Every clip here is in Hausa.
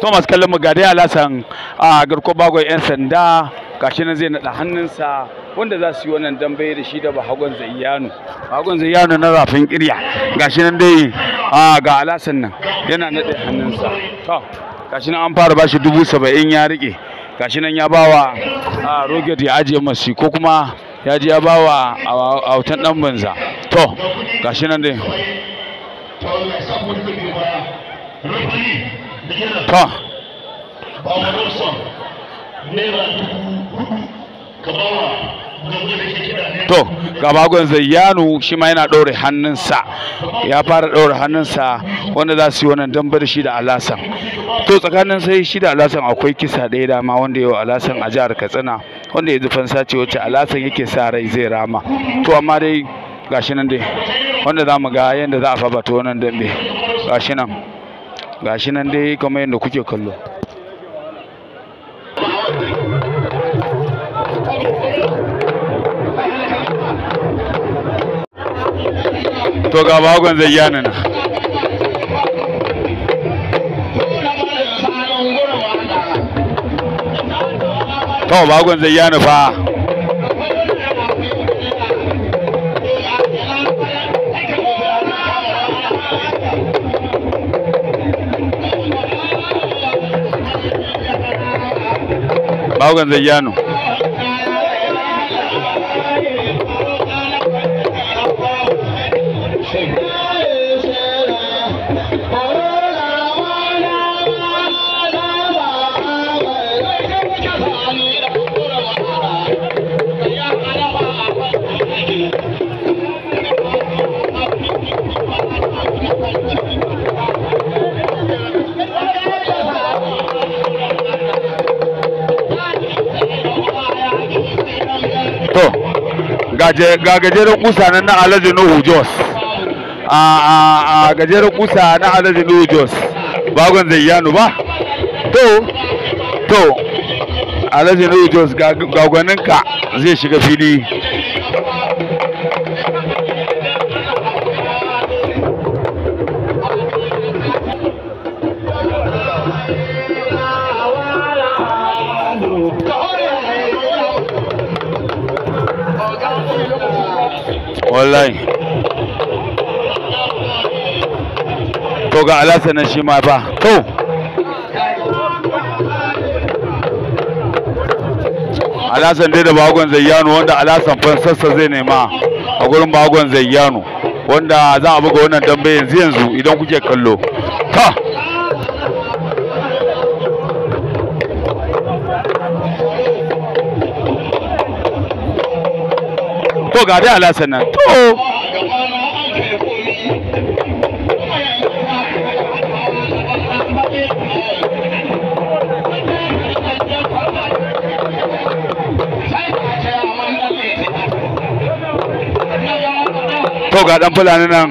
to masu kallon mu ga dai alasan a garko bagon yan sanda gashi nan zai naɗa hannunsa wanda za su yi wannan dambe da shi da bahagon zayyano bahagon zayyano na rafin kirya gashi nan dai a ga alasan nan yana nada hannunsa to gashi nan an fara bashi dubu saba'in ya rike gashi nan ya bawa a roget ya ajiye masu ko kuma ya ji ya bawa a wutan dan banza to gashi nan dai to ba wa ga zayyanu shi ma yana ɗaure hannunsa ya fara ɗaure hannunsa wanda za su yi wannan damba da shi da alasan to tsakanin sai shi da alasan akwai kisa ɗaya dama wanda yau alasan a jihar katsina wanda ya zufan sace wacce alasan yake sa rai zai rama to amma dai gashi nan dai wanda za mu ga yadda za a fabata wannan dambe gashi nan gashi nan dai kamar yadda kuke kallo to ga bagon zai yana na to bagon zai yana fa ahogan de llano. Ga gajeren kusa nan na alhaji nuhu jos a gajeren kusa na alhaji nuhu jos bagon yanu ba to to alhaji nuhu jos gwaninka zai shiga fili wallahi to ga alasa na shi ma ba to alasan dai da bagon zayyano wanda alasan fansarsa zai nema a gurin bagon zayyano wanda za a buga wannan dambe yanzu yanzu idan kuke kallo ta ko ga dai alasan nan to to ga dan fulani nan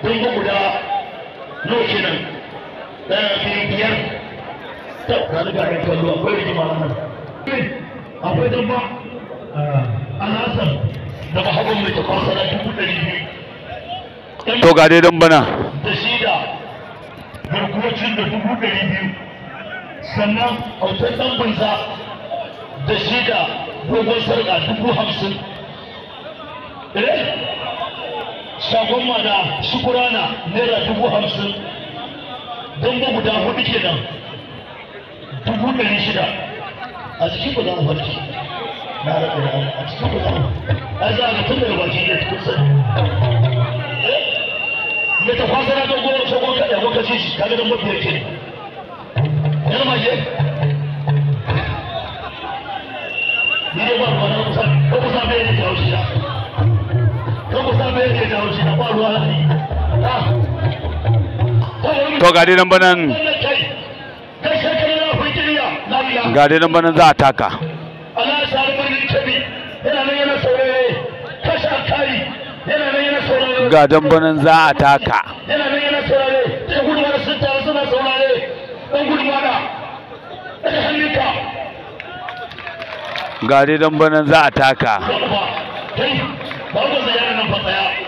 kun guda nawa kenan ɗaya biyu biyar ta zani ga ran kallo akwai rigima nan akwai dan ba ah, san da mahabban mai tafasara dubu ɗari biyu to ga dai dan bana da da garkuwacin da dubu ɗari biyu sannan autar dan banza da da dogon sarƙa dubu hamsin eh? shagon mana shukurana naira dubu hamsin don ba guda hudu kenan dubu ɗari shida a cikin ku za mu na rabu da a cikin ku za mu a za a tun da baki ne tukun sani ya eh? ta kwasa na goma shagon kaɗa ko kashe shi kaga don mafi yake yana ma ke ni dai ba ruwa na kusa ko kusa bai ne ta shi na to ga dai banan ga dai banan za a taka ga dambanan za a taka ga dai za a taka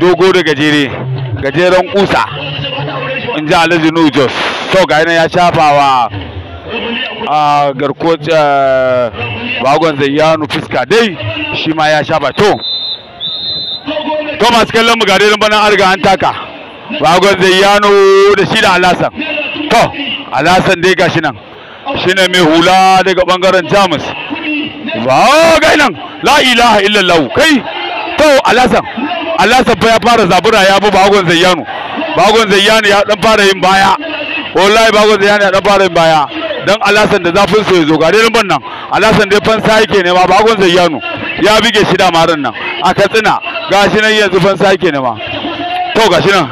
dogo da gajere gajeren kusa in ji alhaji nu jos to ga ya shafa wa a garko bagon zayyanu fuska dai shi ma ya shafa to thomas masu kallon mu ga dai bana arga an taka bagon zayyanu da shi da alasan to alasan dai gashi nan shine mai hula daga bangaren jamus ba ga nan la ilaha illallah kai to alasan Allah sabba ya fara zabura ya bi bagon zayyanu bagon zayyanu ya dan fara yin baya wallahi bagon zayyanu ya dan fara yin baya dan alasan da zafin so ya zo gare nan Allah san alasan dai fansa yake ne ma bagon zayyanu ya bige shi da maran nan a katsina gashi nan yanzu fansa yake ne ma to gashi nan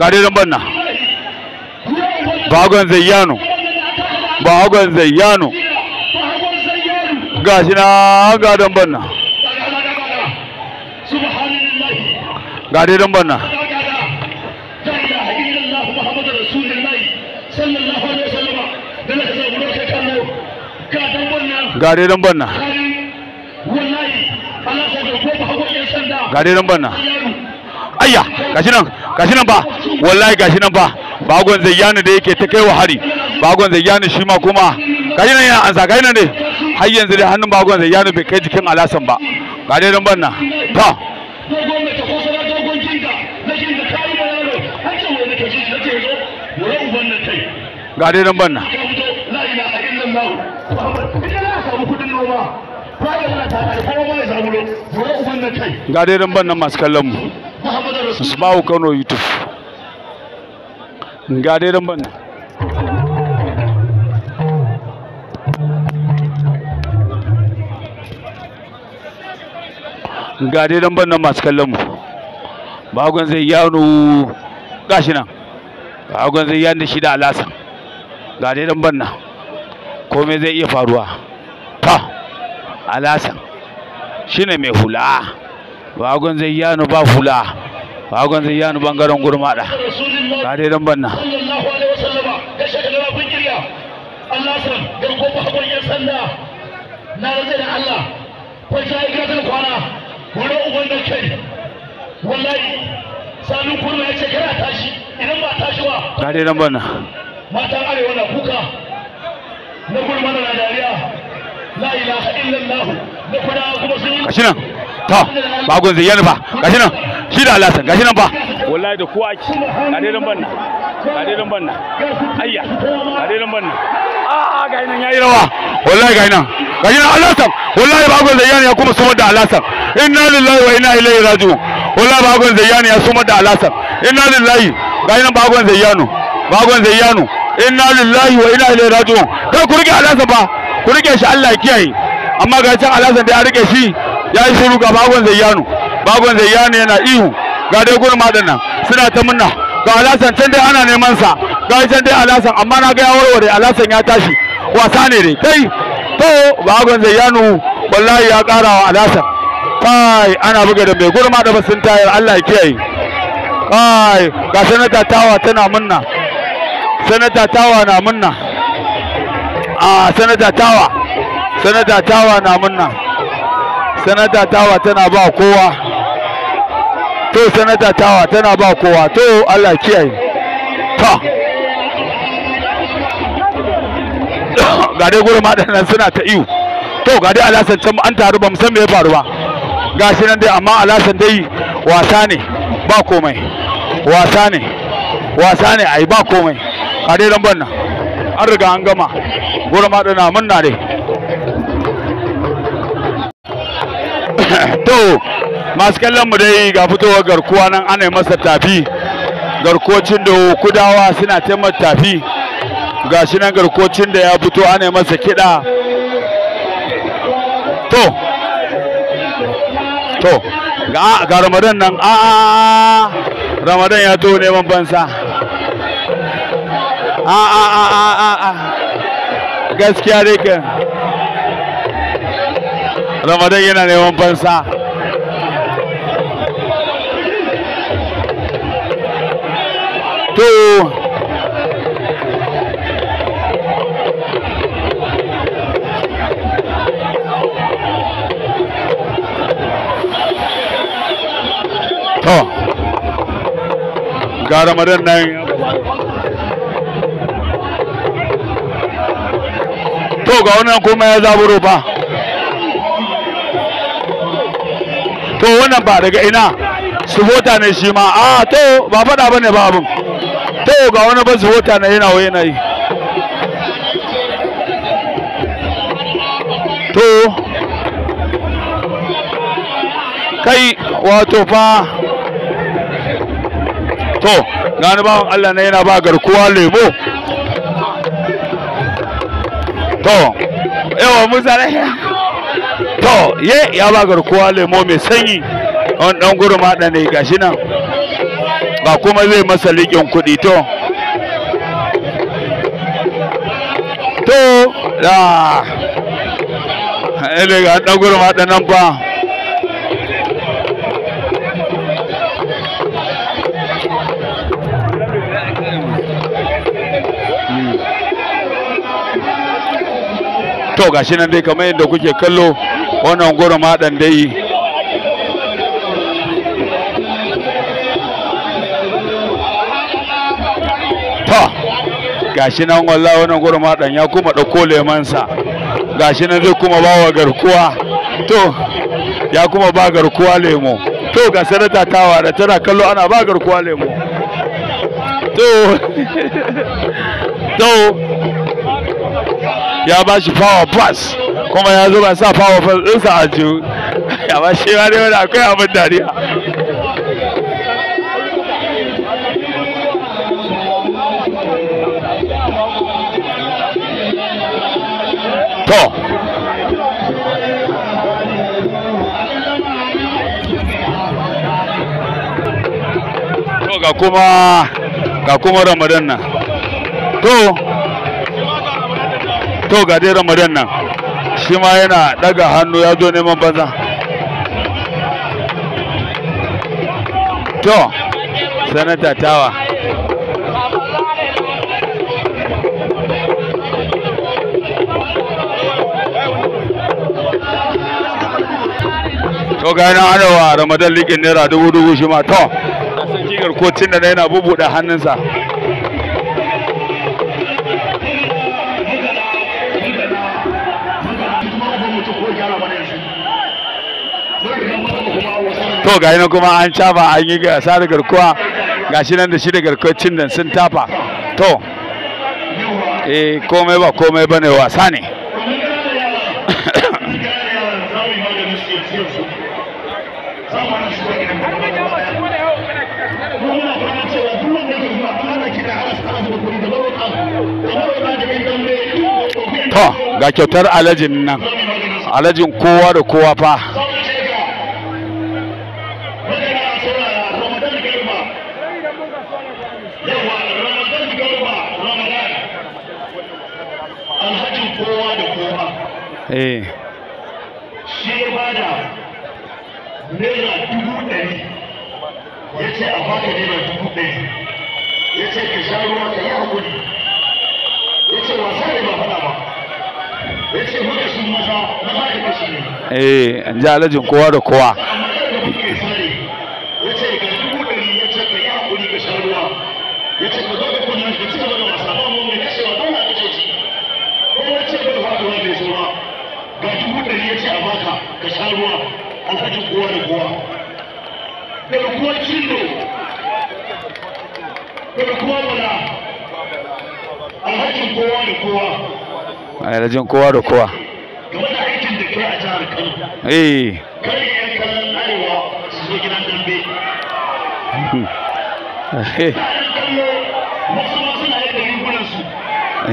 gare nan nan bagon zayyanu bagon zayyanu gashi na ga dan nan ga dai dan banna ga dai dan banna ga dai dan banna ayya gashi nan gashi nan ba wallahi gashi nan ba bagon zayyani da yake ta kai wa hari bagon zayyani shi ma kuma gashi nan yana ansa gashi nan dai har yanzu dai hannun bagon zayyani bai kai jikin alasan ba ga dai dan banna to ga dai dan banna ga dai dan banna masu kallon mu su ba ku kano youtube ga dai dan dan masu kallon mu zai gashi nan agon zai yanda shi da alasa ga dai dan banna komai zai iya faruwa ta alasan shine mai hula wagon zai yano ba hula wagon zai yano bangaren gurmada ga dai dan banna wallahi kurma ya ce tashi idan ba tashi ba ga dai ramban nan matan arewa na kuka na gurma na dariya la ilaha illallah na kuda kuma sun yi gashi nan to ba gun zayyana ba gashi nan shi da alasan gashi nan ba wallahi da kowa ki ga dai ramban nan ga dai ramban nan ayya ga dai ramban nan a'a ga nan yayi rawa wallahi ga nan ga nan alasan wallahi ba gun zayyana ya kuma sumar da alasan inna lillahi wa inna ilaihi raji'un wallahi ba gun zayyana ya sumar da alasan inna lillahi gani nan bagon zayyano bagon zayyano inna lillahi wa inna ilaihi raji'un kai ku rike alasa fa ku rike shi Allah ya kiyaye amma ga can alasan da ya rike shi ya yi shiru ga bagon zayyano bagon zayyano yana ihu ga dai gurin madan nan suna ta munna ga alasan can dai ana neman sa ga can dai alasan amma na ga ya warware alasan ya tashi wasa ne dai kai to bagon zayyano wallahi ya ƙara wa alasan kai ana buga da mai gurma da basun tayar Allah ya kiyaye ai ga sanata tawa tana munna sanata tawa na munna Ah, sanata tawa sanata tawa na munna sanata tawa tana ba kowa to sanata tawa tana ba kowa to Allah kiyaye ta ga dai gurin madannan suna ta iyo to ga dai alasan can an taru ba mu san me ya faru ba gashi nan dai amma alasan dai wasa ne ba komai wasa ne wasa ne ai ba komai a dai lambar nan an riga an gama gura ma dana munna dai to masu kallon mu dai ga fitowar garkuwa nan ana yi masa tafi garkocin da kudawa suna taimar tafi ga shi nan garkocin da ya fito ana yi masa kiɗa to to ga ramadan nan a ramadan ya to neman fansa a a a a a gaskiya dai kan ramadan yana neman bansa to ga ramadan nan to ga wannan kuma ya zaburo fa to wannan ba daga ina subota ne shi ma a ah, to ba faɗa ba ne ba abin to ga wani ba subota ne yana waye na yi to kai wato fa gani bawan Allah na yana ba garkuwa lemo to yawa musa to ye ya ba garkuwa lemo mai sanyi An dan gurma da ne gashi nan ba kuma zai masa liƙin kuɗi to to da ele ga dan gurma da nan ba to gashi nan dai kamar yadda kuke kallo wannan gurin maɗan dai to gashi nan wallahi wannan gurin maɗan ya kuma ɗauko lemansa gashi nan zai kuma bawa garkuwa to ya kuma ba garkuwa lemo to ga sanata tawa da tana kallo ana ba garkuwa lemo to to ya ba shi power pass kuma ya zuba sa power pass ɗinsa a ya ba shi ma dai wani akwai abin dariya to to ga kuma ga kuma ramadan nan to to ga dai ramadan nan shi ma yana daga hannu ya zo neman banza to sanata tawa to ga yana adawa ramadan likin naira dubu dubu shi ma to a san kigar kocin da yana bubuɗe hannunsa to ga nan kuma an shafa an yi gasa da garkuwa ga shi nan da shi da garkuwar cin nan sun tafa to eh komai ba komai bane wasa ne to ga kyautar alajin nan alajin kowa da kowa fa eh shi ya bada naira dubu ɗari ya ce a baka dubu ɗari ya ce ka sha ruwa ka yi ya ce wasa ne ba faɗa ba ya ce muka sun maza da kashi ne eh an ji alajin kowa da kowa sha ruwa an sake kowa da kowa daga kowa cillo daga kowa mula an haƙin kowa da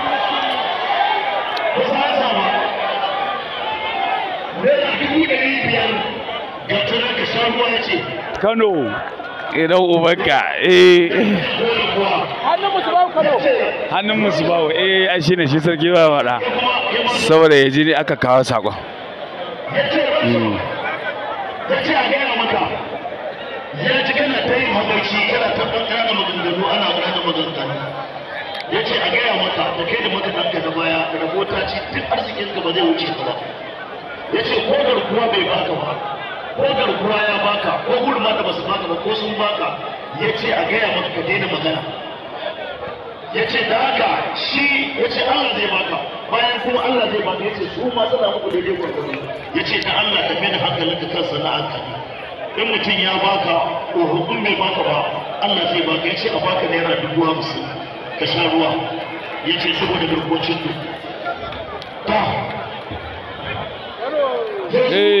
kano idan oh ubanka eh hannun musubawa kano hannun musubawa eh ai shine shi sarki ba faɗa saboda ya ji aka kawo sakon hmm. ya ce a gaya maka. ji kana ta yin mafarki kana tabbatar da maganganu ana gudanar da maganganu ya ce a gaya mata da kai da makaɗanka na baya rabota ce duk ka ba zai wuce ka ba ya ce ko kuwa bai baka ba ko garkuwa ya baka ko gurma da basu baka ba ko sun baka ya ce a gaya maka ka daina magana ya ce da haka shi ya ce Allah zai baka bayan kuma Allah zai baka ya ce su ma suna muku daidai gwargwado ya ce ta Allah tafi da hankalinka kan sana'arka in mutum ya baka ko hukun bai baka ba Allah zai baka ya ce a baka naira dubu hamsin ka sha ruwa ya ce saboda garkuwacin ta Hey.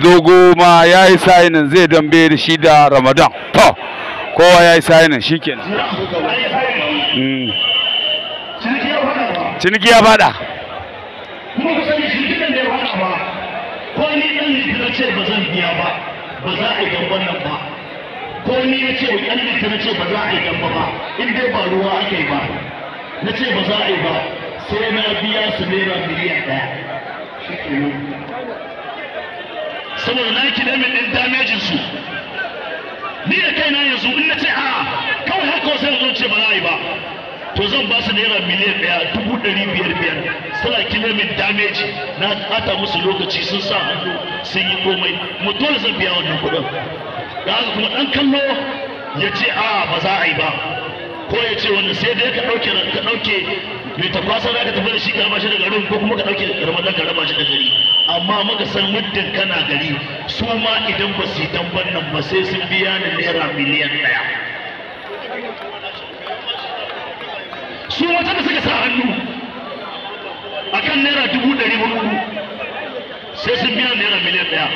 dogo ma ya yi sa'inin zai dambe da shi da ramadan to kowa ya yi sa'inin shi ke mm. ciniki ya bada kuma ko ni ce ba zan biya ba za a yi ba ce ba za a yi ba in dai ba ruwa ake ba na ce ba za a yi ba sai na biya su naira miliyan ɗaya saboda na ki lemin ɗin damejin su ni da kaina yanzu in na ce a kawai haka sai yanzu ce ba za a yi ba to zan ba su naira miliyan ɗaya dubu ɗari biyar biyar suna kilomin dameji na ɓata musu lokaci sun sa hannu sun yi komai kuma dole zan biya wannan kuɗin da haka kuma ɗan kallo ya ce a ba za a yi ba ko ya ce wanda sai dai ka ɗauke ka ɗauke mai tafasa za ka tafi da shi ka raba shi daga rum ko kuma ka ɗauke ramadan ka raba shi da gari amma muka san muddin kana gari su ma idan ba su dan tamban nan ba sai sun biya ni naira miliyan ɗaya su wata da suka sa hannu a kan naira dubu ɗari hudu sai sun biya naira miliyan ɗaya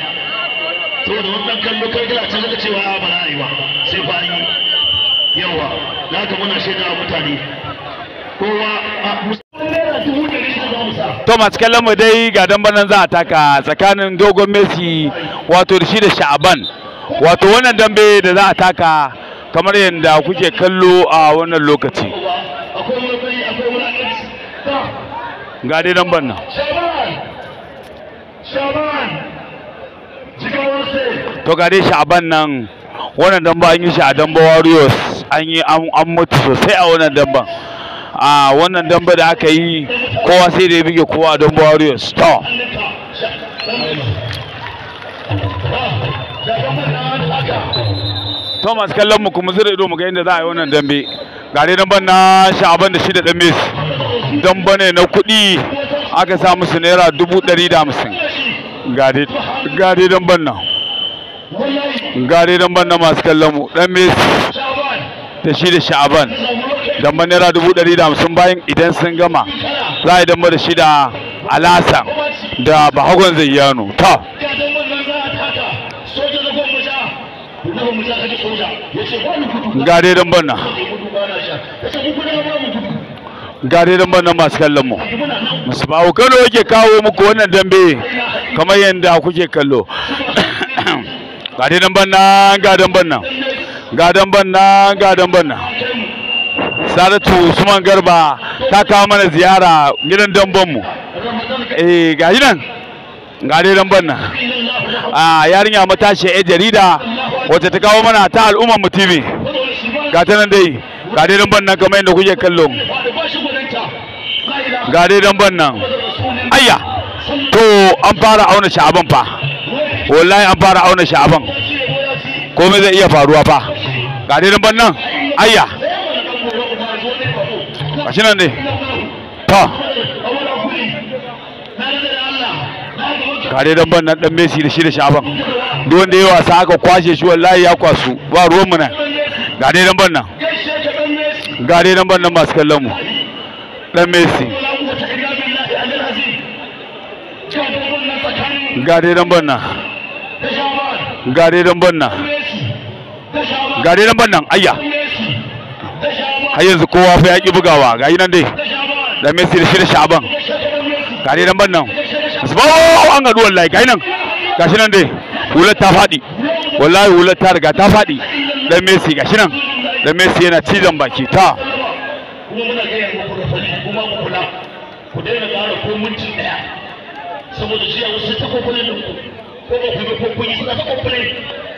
saboda wannan kallo kai gina ta daga cewa a bara yi ba sai fa an yi yawa da haka muna shaida mutane kowa a Thomas masu kallon mu dai ga dan banan za a taka tsakanin dogon messi wato da shi da sha'aban wato wannan dambe da za a taka kamar yadda kuke kallo a wannan lokaci ga dai dan Sha'aban to ga dai sha'aban nan wannan damba an yi shi a damba warriors an yi an mutu sosai a wannan damban a wannan damba da aka yi kowa sai da ya bige kowa don warriors to Thomas kallon mu kuma zira ido mu ga inda za a yi wannan dambe gare damban na sha'aban da shi da dan mes damba ne na kuɗi aka sa musu naira dubu ɗari da hamsin gare damban na nan gare damban na masu kallon mu dan mes da shi da sha'aban damban naira dubu ɗari da hamsin bayan idan sun gama za a yi damba da shi da alasan da bahagon zayyano ta gare dan damban nan gare damban nan masu kallon mu Masu bawo kano yake kawo muku wannan dambe kamar yadda kuke kallo ga dai damban nan ga damban nan ga damban nan ga damban nan sadatu usman garba ta kawo mana ziyara gidan dambanmu eh ga nan ga dai damban nan a ah, yarinya matashi ya jarida wacce ta kawo mana ta al'umma mu tv ga ta nan dai ga dai damban nan kamar yadda kuke kallo ga dai damban nan ayya to an fara auna sha'aban fa wallahi an fara auna sha'aban komai zai iya faruwa fa ga dai damban nan ayya gashi nan ne ta kare dan ban nan dan Messi da shi da Shaban duk wanda ya wasa aka kwashe shi wallahi ya kwasu ba ruwan mu nan ga dai dan ban nan ga dai dan ban nan masu kallon mu dan Messi ga dai dan ban nan ga dai dan ban nan ga dai dan ban nan ayya har yanzu kowa fa ya ki bugawa ga yi nan dai da Messi da da sha'aban, ga dai dan bannan Asbawo an gadu wallahi ga yi nan gashi nan dai hular ta faɗi wallahi hular ta riga ta faɗi dan Messi gashi nan dan Messi yana cizon baki ta kuma muna kuma ku kula ku daina ko minti saboda ba ku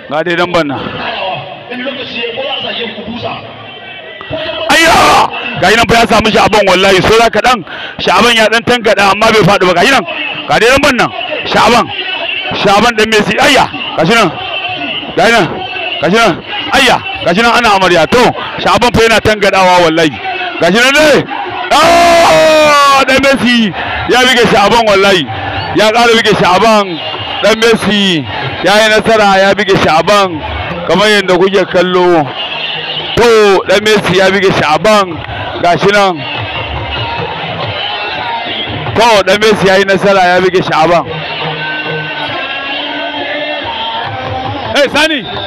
ga dai dan banna in lokaci ya a ku ayya gayi nan fa ya samu sha'aban wallahi so zaka kaɗan sha'aban ya ɗan tangada amma bai faɗi ba gayi nan ga dai nan nan sha'aban sha'aban ɗan messi ayya gashi nan gayi nan gashi nan ayya gashi nan ana amarya to sha'aban fa yana tangadawa wallahi gashi nan dai ah, ɗan messi ya bige sha'aban wallahi ya ƙara bige sha'aban ɗan messi ya yi nasara ya bige sha'aban kamar yadda kuke kallo to dan messi ya bige sha'aban gashi nan to dan messi ya yi nasara ya bige sha'aban eh sani